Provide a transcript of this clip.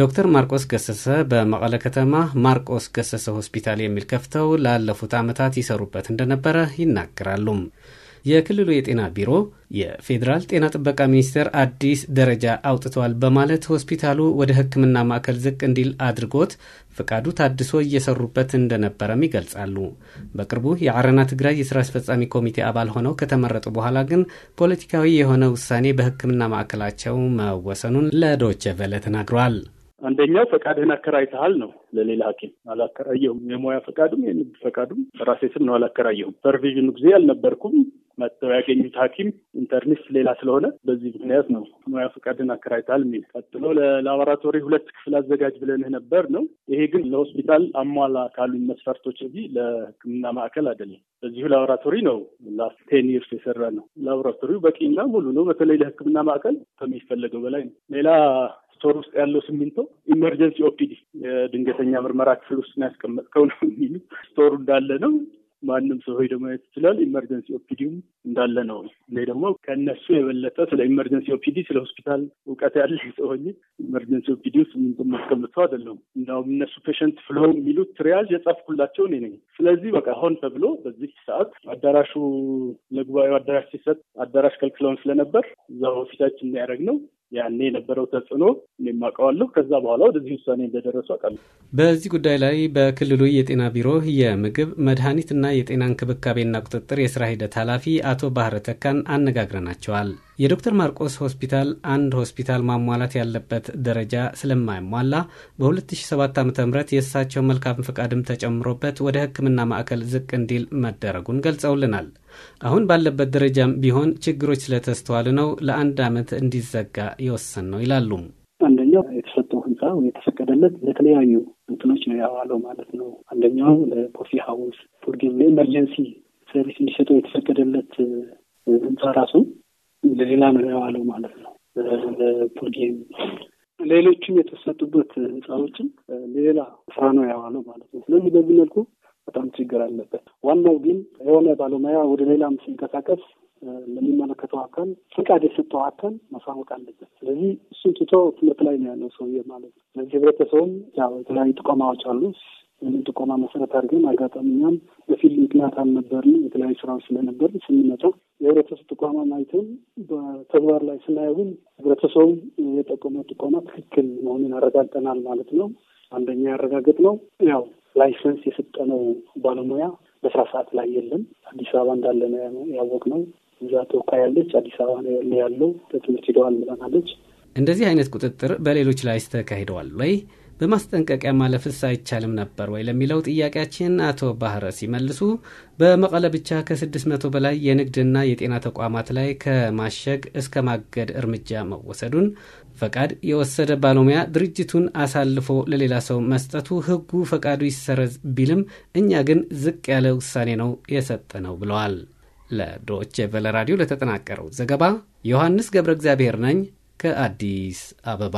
ዶክተር ማርቆስ ገሰሰ በመቀለ ከተማ ማርቆስ ገሰሰ ሆስፒታል የሚል ከፍተው ላለፉት ዓመታት ይሰሩበት እንደነበረ ይናገራሉ። የክልሉ የጤና ቢሮ የፌዴራል ጤና ጥበቃ ሚኒስቴር አዲስ ደረጃ አውጥተዋል በማለት ሆስፒታሉ ወደ ሕክምና ማዕከል ዝቅ እንዲል አድርጎት ፍቃዱ ታድሶ እየሰሩበት እንደነበረም ይገልጻሉ። በቅርቡ የአረና ትግራይ የስራ አስፈጻሚ ኮሚቴ አባል ሆነው ከተመረጡ በኋላ ግን ፖለቲካዊ የሆነ ውሳኔ በሕክምና ማዕከላቸው መወሰኑን ለዶይቼ ቬለ ተናግረዋል። አንደኛው ፈቃድህን አከራይተሃል ነው ለሌላ ሐኪም አላከራየሁም። የሙያ ፈቃዱም የንግድ ፈቃዱም በራሴ ስም ነው፣ አላከራየሁም። ፐርቪዥኑ ጊዜ አልነበርኩም። መጥተው ያገኙት ሐኪም ኢንተርኒስት ሌላ ስለሆነ በዚህ ምክንያት ነው ሙያ ፈቃድን አከራይታል የሚል። ቀጥሎ ለላቦራቶሪ ሁለት ክፍል አዘጋጅ ብለንህ ነበር ነው። ይሄ ግን ለሆስፒታል አሟላ ካሉኝ መስፈርቶች እንጂ ለሕክምና ማዕከል አይደለም። በዚሁ ላቦራቶሪ ነው ላስት ቴን ይርስ የሰራ ነው። ላቦራቶሪው በቂና ሙሉ ነው። በተለይ ለሕክምና ማዕከል ከሚፈለገው በላይ ነው። ሌላ ስቶር ውስጥ ያለው ሲሚንቶ ኢመርጀንሲ ኦፒዲ የድንገተኛ ምርመራ ክፍል ውስጥ ያስቀመጥከው ነው የሚሉ ስቶሩ እንዳለ ነው። ማንም ሰው ሄዶ ማየት ይችላል። ኢመርጀንሲ ኦፒዲም እንዳለ ነው። እኔ ደግሞ ከእነሱ የበለጠ ስለ ኢመርጀንሲ ኦፒዲ ስለ ሆስፒታል እውቀት ያለ ሰው ሆኜ ኢመርጀንሲ ኦፒዲ ውስጥ ምንም ማስቀምጠው አይደለም። እንዲሁም እነሱ ፔሸንት ፍሎ የሚሉት ትሪያዥ የጻፍኩላቸው እኔ ነኝ። ስለዚህ በቃ ሆን ተብሎ በዚህ ሰዓት አዳራሹ ለጉባኤው አዳራሽ ሲሰጥ አዳራሽ ከልክለውን ስለነበር እዛ ፊታችን ያደረግ ነው ያኔ የነበረው ተጽዕኖ እኔም ከዛ በኋላ ወደዚህ ውሳኔ እንደደረሱ አውቃለሁ። በዚህ ጉዳይ ላይ በክልሉ የጤና ቢሮ የምግብ መድኃኒትና የጤና እንክብካቤና ቁጥጥር የስራ ሂደት ኃላፊ አቶ ባህረ ተካን አነጋግረናቸዋል። የዶክተር ማርቆስ ሆስፒታል አንድ ሆስፒታል ማሟላት ያለበት ደረጃ ስለማይሟላ በ2007 ዓ ም የእሳቸው መልካም ፈቃድም ተጨምሮበት ወደ ሕክምና ማዕከል ዝቅ እንዲል መደረጉን ገልጸውልናል። አሁን ባለበት ደረጃም ቢሆን ችግሮች ስለተስተዋል ነው ለአንድ ዓመት እንዲዘጋ የወሰን ነው ይላሉ። አንደኛው የተሰጠው ህንፃ የተፈቀደለት ለተለያዩ እንትኖች ነው ያዋለው ማለት ነው። አንደኛው ለኮፊ ሀውስ ፉርጌም ለኤመርጀንሲ ሰርቪስ እንዲሰጠው የተፈቀደለት ህንፃ ራሱ ለሌላ ነው ያዋለው ማለት ነው። ለፑልጌም ሌሎችም የተሰጡበት ህንፃዎችም ለሌላ ስራ ነው ያዋለው ማለት ነው። ስለዚህ በዚህ መልኩ በጣም ችግር አለበት። ዋናው ግን የሆነ ባለሙያ ወደ ሌላም ሲንቀሳቀስ ለሚመለከተው አካል ፍቃድ የሰጠው አካል ማሳወቅ አለበት። ስለዚህ እሱን ትቶ ትምህርት ላይ ነው ያለው ሰውዬ ማለት ነው። ስለዚህ ህብረተሰቡም ያው የተለያዩ ጥቆማዎች አሉ። ይህንን ጥቆማ መሰረት አድርገን አጋጣሚኛም በፊልድ ምክንያት አልነበርንም። የተለያዩ ስራዎች ስለነበር ስንመጣ የህብረተሰብ ጥቆማ ማየትም በተግባር ላይ ስናየው ግን ህብረተሰቡ የጠቆመው ጥቆማ ትክክል መሆኑን ያረጋግጠናል ማለት ነው። አንደኛ ያረጋግጥ ነው ያው ላይሰንስ የሰጠነው ባለሙያ በስራ ሰዓት ላይ የለም። አዲስ አበባ እንዳለ ነው ያወቅነው። እዛ ተወካይ ያለች አዲስ አበባ ነው ያለው። በትምህርት ሄደዋል ብለናለች። እንደዚህ አይነት ቁጥጥር በሌሎች ላይ ተካሂደዋል ወይ? በማስጠንቀቂያ ማለፍስ አይቻልም ነበር ወይ ለሚለው ጥያቄያችን አቶ ባህረ ሲመልሱ በመቀለ ብቻ ከ600 በላይ የንግድና የጤና ተቋማት ላይ ከማሸግ እስከ ማገድ እርምጃ መወሰዱን፣ ፈቃድ የወሰደ ባለሙያ ድርጅቱን አሳልፎ ለሌላ ሰው መስጠቱ ሕጉ ፈቃዱ ይሰረዝ ቢልም እኛ ግን ዝቅ ያለ ውሳኔ ነው የሰጠ ነው ብለዋል። ለዶች ቨለ ራዲዮ ለተጠናቀረው ዘገባ ዮሐንስ ገብረ እግዚአብሔር ነኝ ከአዲስ አበባ።